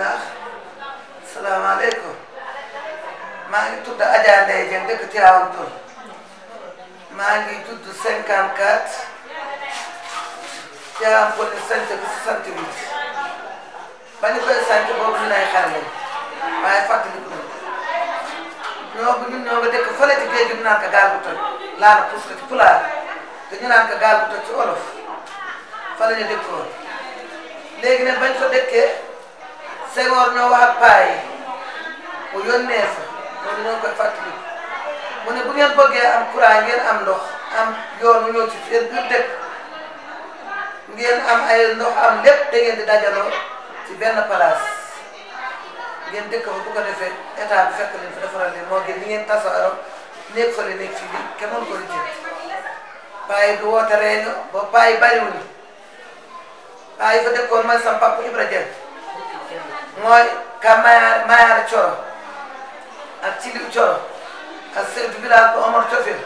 ndax salaamaaleykum maa ngi tudd Adja Ndeye Dieng dëkk Tivaouane Peulh maa ngi tudd 54 Tivaouane Peulh di sant bi sant bi ba ñu koy sant boobu ñu lay xarale waaye fàttali ko ñoo bu ñun ñoo nga dëkk fële ci géej gi ñu gaal bu toj laana puus ko ci pulaar te ñu naan gaal bu toj ci olof fa ñu dëkkoon léegi nag bañ ko dëkkee. sing wa wabai uyon nesa mo non ko fatli mo ne bu ngeen bëggee am courant ngeen am ndox am yoonu ñoo ci fiir biir dëkk ngeen am ay ndox am lépp da ngeen di dajaloo ci benn place ngeen dëkk fa bu ko defee état bi fekk leen fi defaral leen mo gën ni ngeen tasaaroo nekk fa la nekk fii bi kenn mënu ko di jënd du woote réunion ba bàyyi bariwul bàyyi fa dëkkoon man sam papa Ibra mooy ka mayaare mayaare coro ak cili coro ak chef du village ba Omar Tofil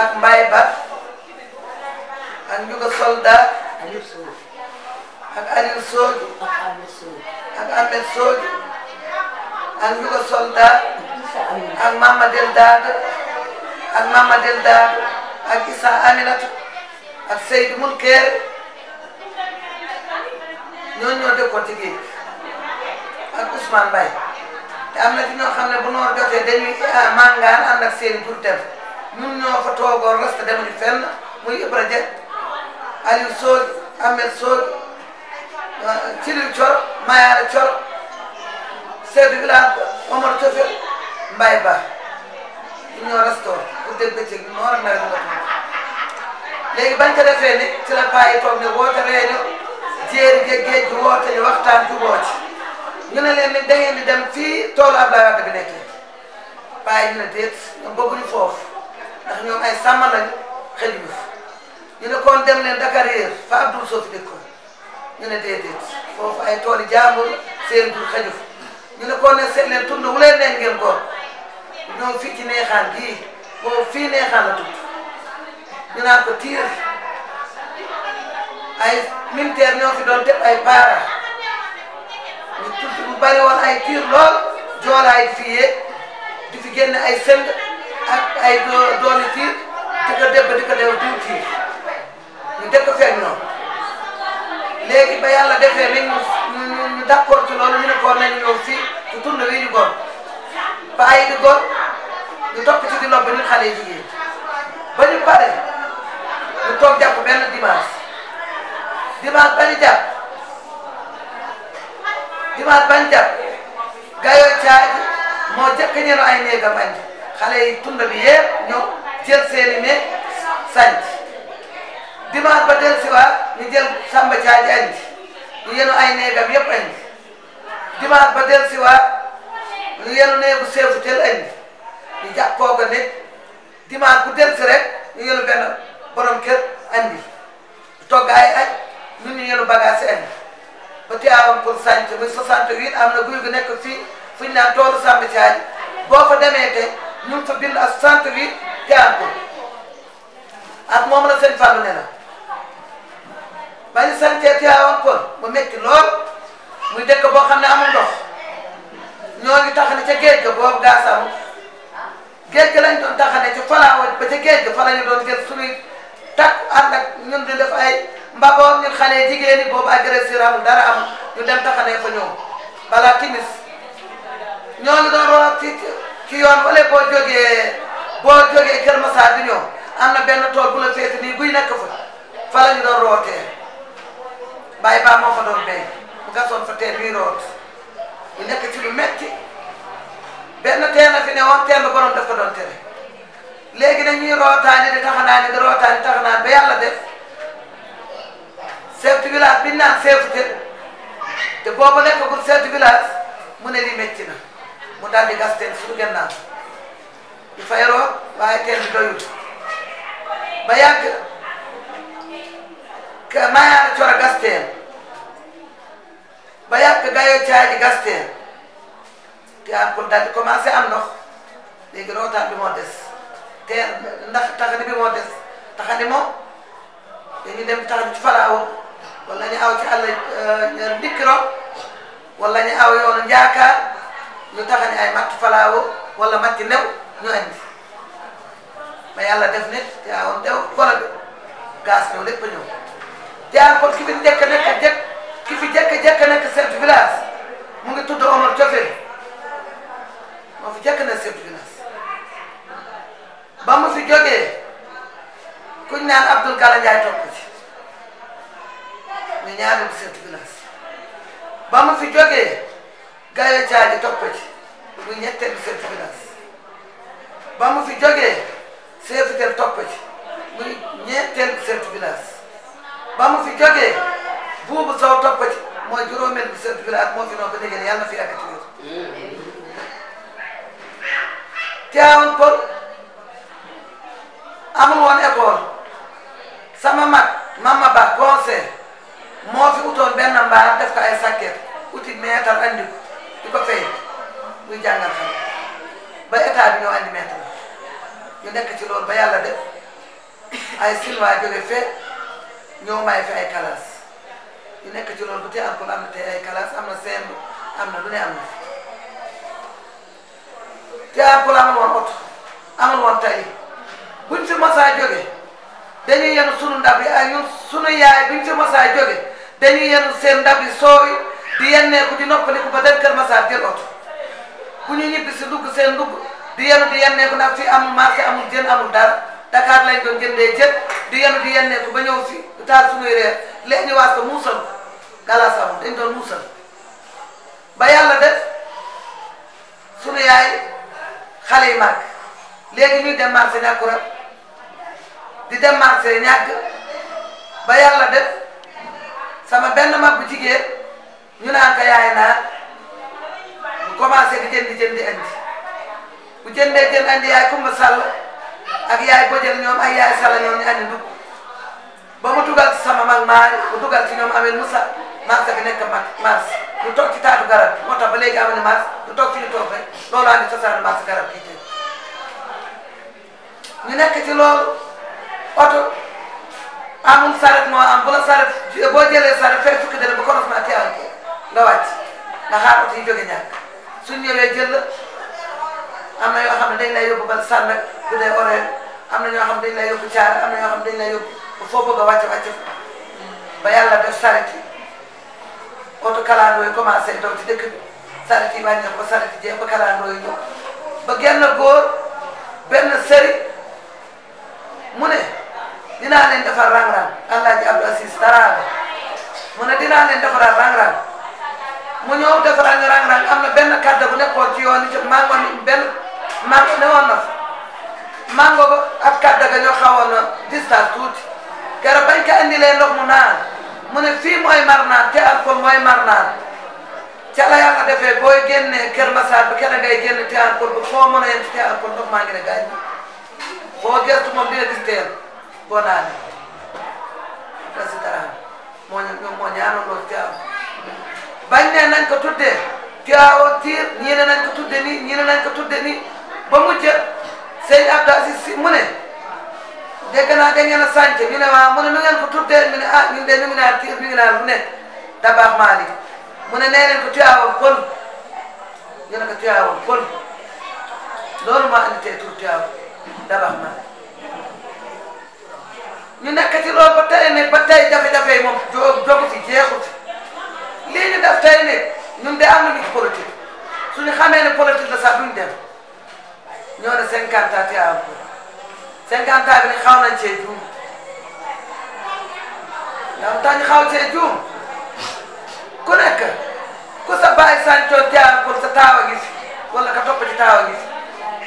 ak Mbaye Ba ak Ndiouga Soldat ak Aliou Sodjo ak Ahmed Sodjo ak Ndiouga Soldat ak Mama Del ak Mama Del ak Issa Aminata ak ñooñu ñoo dëkkoon ci ak Ousmane Mbaye te am na ci ñoo xam ne bu noor jotee dañuy ah, màngaan ànd ak seen pour dem ñun ñoo fa toogoon reste demuñu fenn muy Ibra Dieng Aliou Sow Ahmed Sow Cilil ah, Cor Mayara Cor chef du village Omar Tofé Ba ñun ñoo restauré pour dégg bëccëg bi noor ak nawet bi léegi bañ ko ni ci la bàyyi toog ne woote réunion jéeri ja géej gi woote yi waxtaan juboo ci ñu ne leen ni di dem fii toolu Abdoulaye Wade bi nekkee bàyyi ñu ne déet foofu ñoom ay sàmm lañ xëy ñu ne kon dem leen Dakar yéer fa Abdoul Sow fi dëkkoon ñu ne déedéet foofu ay tool yi jaamul seen jur xëy ñu ne kon ne seet leen tund wu leen ne ngeen góor fii ci neexaan gii boobu fii neexaan la tudd ñu naan ko tiir. ay militaire ñoo fi doon def ay baara ñu tudd bu bari woon ay tiir lool joolaay fiyee di fi génn ay sëng ak ay dooni tiir di ko debb di ko dew diw tiir ñu dëkk feeg ñoom léegi ba yàlla defee ni ñu ñu d'accord ci loolu ñu ne góor nañu ñëw fii ci tund wi ñu góor bàyyi di góor ñu topp ci di lobb ñu xale jigéen ba ñu pare ñu toog jàpp benn dimanche jumat panjang jumat panjang gayo caaji moo jëkkañeno ay néegam andi xale yi tund bi yëpp ñëw jël seeni néeg sanc dimanche ba del si waa ñu jël samba caaji andi ñu yenu ay néegam yëpp andi dimanche ba del si waa ñu yenu néegu seefu tel andi ñu jàppoo ko nit dimanche bu del si rek ñu yenu benn borom kër andi togg ay nu ñu yenu bagage si añ ba Tivaouane sant sànc muy 68 am na guy gu nekk fii fu ñu naan toolu Samba Thiagne boo fa demee te ñu ngi fa bind ak 68 Tivaouane pour ak moom la seen Fallou ne la ba ñu sàncee Tivaouane pour mu métti lool muy dëkk boo xam ne amul ndox ñoo ngi tax ne ca géej ga boobu gaas amul géej ga lañ doon tax ne ci falaawa ba ca géej ga fa la ñu doon jël suñuy takk ànd ak ñun di def ay. mbaboon ñun xale jigéen ñi boobu agresseur amul dara am ñu dem taxanee ko ñoom balaa timis ñooñu doon root ci yoon wala boo jógee boo jógee Kër Massar di ñëw am na benn tool bu la féete nii guy nekk fa fa la ñu doon rootee bàyyi baa moo fa doon béy bu gasoon fa teen ñuy root ñu nekk ci lu metti benn teen fi ne woon teen ba borom daf ko doon tere léegi nag ñuy rootaani di taxanaan di rootaani taxanaan ba yàlla def. chef de village bi ñu naan chef de te boobu nekkagul chef de village mu ne lii métti na mu daal di gas teen suñu gannaaw di fayaroo waaye teen bi doyul ba yàgg ka maayaana coro gas teen ba yàgg gayoo caaji gas teen te am kon daal di commencé am ndox léegi rootaan bi mo des teen ndax taxani bi mo des taxani moom dañu dem taxani ci faraawoon wala ñu aw ci àll ndikkiro euh, wala ñu aw yoonu njaakaar ñu taxani ay matt falaawo wala matti new ñu andi ma yàlla def nit te awoon tew golo bi gaz ñëw lépp ñëw jaar kon ki fi njëkk nekk fi jëkk jëkk nekk chef de village mu ngi tudd Omar Jofe moo fi jëkk nekk chef village ba mu fi jógee kuñ naan Abdoul Gala Ndiaye topp muy ñaareelu chef ba ma fi jóge Gaye Diagne topp ci muy ñetteelu ba ma fi jógee chef del topp ci muy ñeenteelu ba mu fi jóge Buubu Sow topp ci mooy juróomeelu chef de fi noonu ba léegi yàlla na fi yàggati wér. Thiawane Paul amul woon école sama mag mama ba conseil. moo fi utoon benn mbaar def ko ay sàkket uti meetar andi ko di ko fay muy jàngal xam ba état bi ñoo andi meetar ñu nekk ci lool ba yàlla def ay silva jóge fee ñoo may fi ay kalaas ñu nekk ci loolu ba tey alcool am na tey ay kalaas am na seen am na lu ne am na te alcool amul woon oto amul woon tali buñ fi masaa jóge dañuy yenu sunu ndab yi ak ñun sunu yaay buñ fi masaa jóge dañu yenu seen ndab yi soow yi di nopp di noppaliku ba dem Kër Massar jël oto ku ñu ñibbi si dugg seen dugg di yenu di yenneeku ndax fii amul marché amul jën amul dara Dakar lañ doon jëndee jën di yenu di yenneeku ba ñëw si taal suñuy reer léegi ñu waas ko muusal ko galasam dañ doon muusal ba yàlla def sunu yaay xale yi màgg di dem marché ñàkk ba yàlla def sama benn ma bu jigéen ñu naan ko yaay naar bu commencé di jënd jënd andi bu jëndee jënd andi yaay Kumba Sall ak yaay Bojel ñoom ak yaay Sall ñoom ñu andi dugg ba mu dugal ci sama mag maar mu dugal ci ñoom mu sa mars bi nekk mag mars bu toog ci taatu garab bi moo tax ba léegi amel mars ñu toog ci ñu toog rek loolu andi cosaanu mars garab gi ñu loolu amul saret moo am bu la saret boo jëlee saret fay fukki dana ba commencement teewal kii nga wàcc nga xaar oto yi jóge ñàkk suñ ñëwee jël la am na yoo xam ne dañ lay yóbbu ba sànn bu dee horaire am na ñoo xam dañ lay yóbbu caar am na yoo xam dañ lay yóbbu foo bëgg a wàcc wàcc ba yàlla def saret yi oto kalandoo yi commencé daw ci dëkk bi saret yi wàññeeku ba saret jeex ba kalandoo yi ñëw ba genn góor benn sëri mu dinaa leen defar rang-rang allah ji Abdou Aziz Taraaba mu ne dinaa leen defaral rang mu ñëw defaral a rang-rang am na benn kàddu bu nekkoon ci yoon ci mango ni benn mango ne woon na fa ak kàddu ga ñoo xawoon na distance tuuti keroog bañ ko indilee ndox mu naan mu ne fii mooy marnaan te alcool mooy marnaan ca a yàlla defee booy génnee Kër Masar bi keneen ngay génn te alcool bi foo mën a yem ci te alcool maa ngi ne gaañ boo gëstu moom dina gis teel bonade président moo ñu moo ñaanaloo ah, Tivaouane bañ ne nañ ko tuddee Tivaouane Pire ñii ne nañ ko tuddee nii ñii ne nañ ko tuddee nii ba mujj sëñ Abdou Aziz si mu ne dégg naa da ngeen a sànc ñu ne waaw mu ne nu ngeen ko tuddee ñu ne ah de nu mu naan Pire mi naan mu ne Dabakh Malick mu ne nee nañ ko Tivaouane Peulh ñu ne ko Tivaouane Peulh loolu moo andi tey tur Tivaouane Dabakh ñu nekk ci loolu ba tey ne ba jafe-jafe moom jogu ci jeexu ci lii ñu def tey ne ñun de am nañu ci politique xamee ne politique la sax duñ dem ñoo ne cinquante ans te am cinquante ans bi ni xaw nañ xaw cee juum ku nekk ku sa bàyyi sàncoon jaar pour sa taawa gis wala ka topp ci taawa gis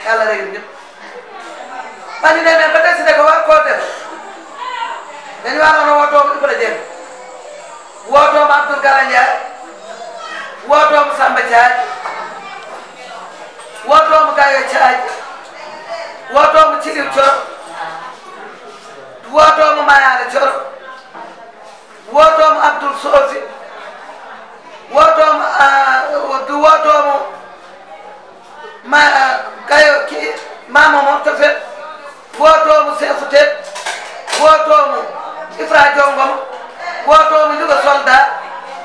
yàlla rëyul ñëpp ba ñu demee ba tey si ne ko war koo dañu waroon a wootoo Ibra Dieng wootoom Abdou Gara Ndiaye wootoom Samba Thiagne wootoom Gaye Thiagne wootoom Cilim Thior wootoom Mayaara Thior wootoom Abdoul Sofi wootoom euh, wootoom ma Gaye kii maama moom te fet wootoom Seefu Tet wootoom ifra jongom wotomo jogo soldat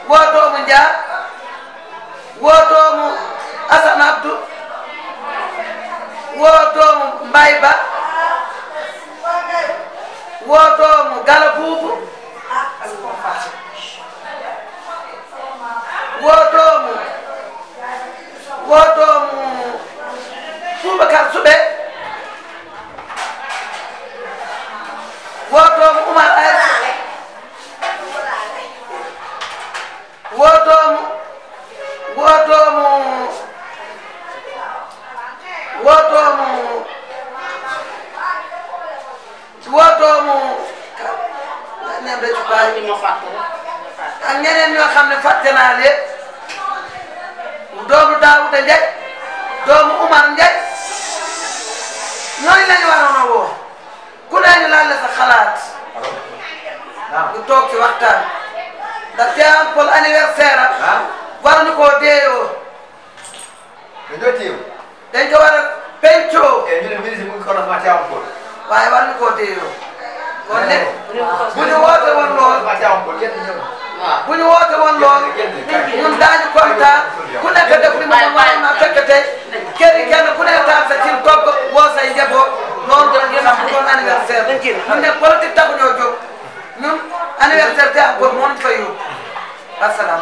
wotomo dia wotomo asan abdou wotomo mbay ba wotomo gala buubu wotomo wotomo toubacar suɓe koo deeyoo. dañoo teew. dañ ko war a pencoo. ñu ne ministre mu ngi kono ma teewam ko. waaye war na koo deeyoo. kon nag bu ñu woote woon lool. bu ñu woote woon lool. ñun daañu kontaan ku nekk def li mu ne waroon naa fekkate kër yi kenn ku nekk taal sa cin togg woo say njaboot loolu doon ñu am doon anniversaire. ñu ne politique taxu ñoo jóg ñun anniversaire te am ko moo ñu fa yóbbu. مثلا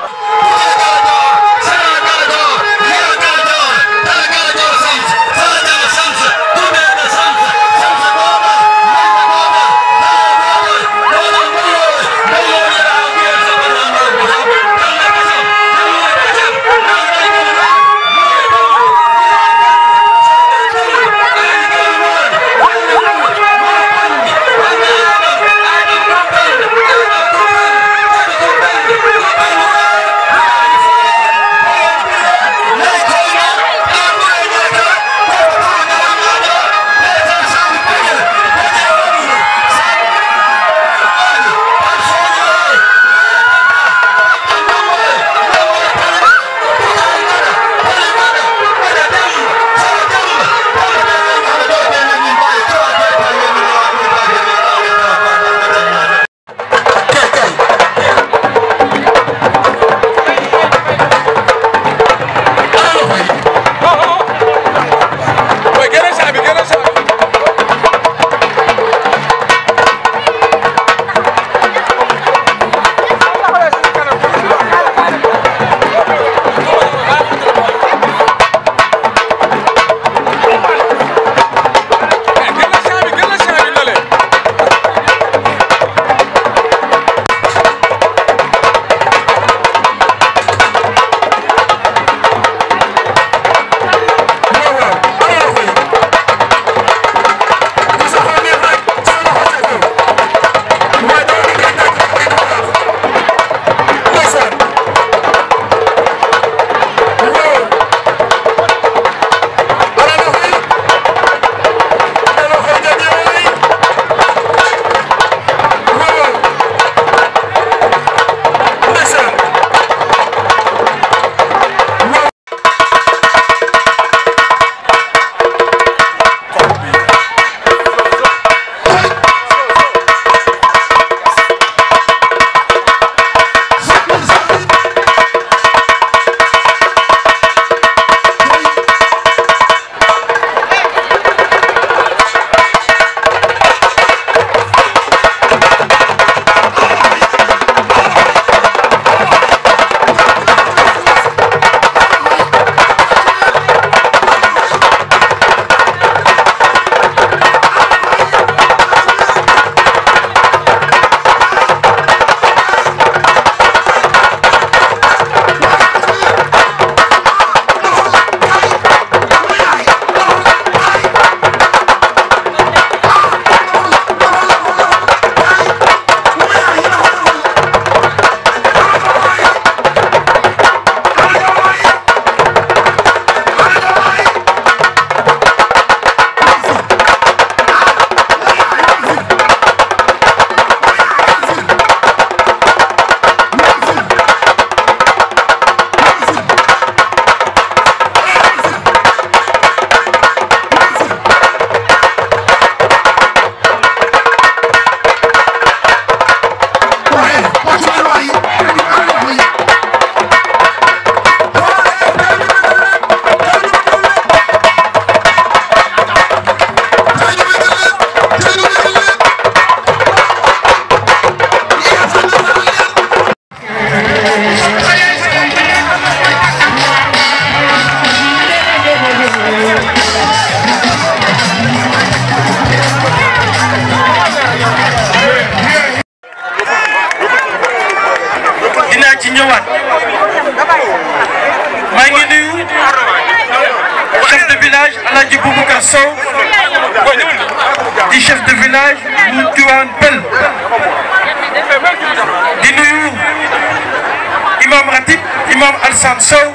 Alassane Sow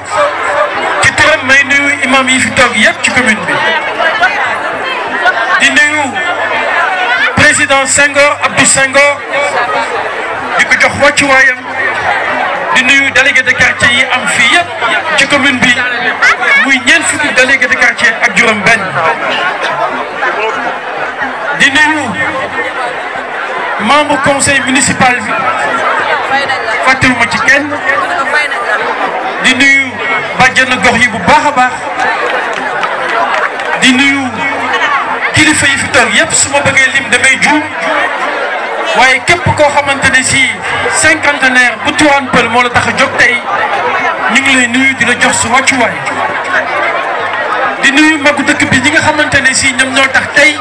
ci turam may nuyu imam yi fi toog yëpp ci commune bi di nuyu président Senghor Abdou Senghor di ko jox wàccuwaayam di nuyu délégué de quartier yi am fii yëpp ci commune bi muy ñeent fukki délégué de quartier ak juróom-benn di nuyu membre conseil municipal fàttewuma ci kenn. di nuyu jeun gox yi bu baakha baax di nuyu kilifa yi fi tok yépp suma beugé lim damay waaye kep ko xamante ci 50 cinquantenaire bu Tivaouane peul mo la tax a tay tey ngi lay nuyu di la jox su way di nuyu magu dekk bi ñi nga xamante ci si ñoo tax tay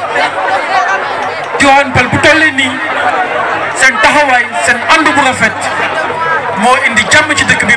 peul bu ni sen taxaway sen andu bu rafet mo indi jamm ci dekk bi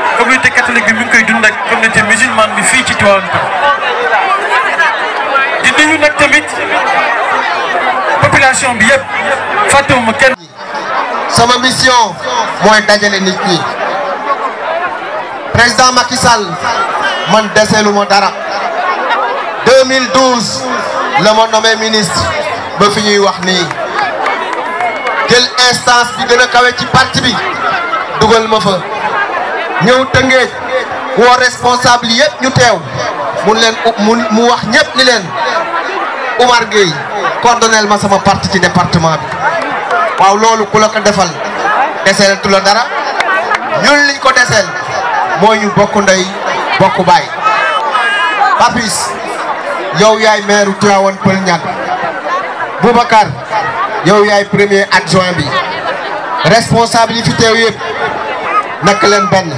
communauté catholique bi communauté musulmane bi fi ci di tamit population bi yépp c'est kenn. mission président Macky Sall man dara 2012 le nom nommé ministre ba fi ñuy wax instance bi gëna kawé ci parti bi ñëw tëngéej woo responsable yépp ñu teew mu leen mu wax ñépp ni leen Oumar Gueye coordonnel ma sama parti ci département bi waaw loolu ku la ko defal déssel tu la dara ñun liñ ko déssel moy ñu bokku ndey bokku bay Papis yow yaay maire Tivaouane Peulh Niague Boubacar yow yaay premier adjoint bi responsable fi teew yépp nekk leen benn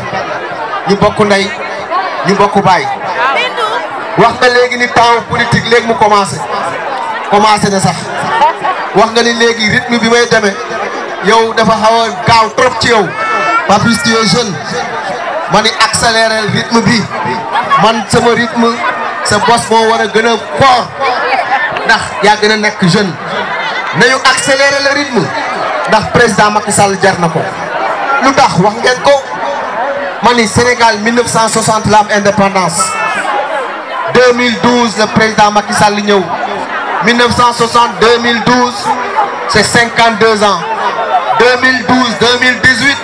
ñu bokk ndey ñu bokk baay wax nga léegi ni temps politique léegi mu commencé commencé na sax wax nga ni léegi rythme bi may demee yow dafa xaw gaaw trop ci yow pas plus tu es jeune ma ni accéléré rythme bi man sama rythme sa bos moo war a gën a fort ndax yaa gën nekk jeune nañu accéléré le rythme ndax président Macky Sall jar na ko Nous wax ngeen ko Sénégal 1960 l'indépendance, indépendance 2012 le président Macky 1960 2012 c'est 52 ans 2012 2018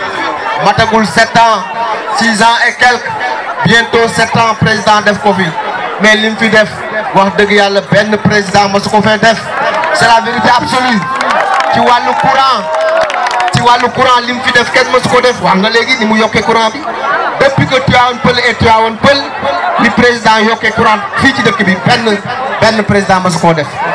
matagul 7 ans 6 ans et quelques bientôt 7 ans président def mais l'Infidef, fi président def c'est la vérité absolue Tu ci le courant. ci wàllu courant li mu fi def kenn mësu ko def wax nga léegi ni mu yokkee courant bi depuis que Tivaouane Peulh et Tivaouane Peulh li président yokkee courant fii ci dëkk bi benn benn président mësu koo def.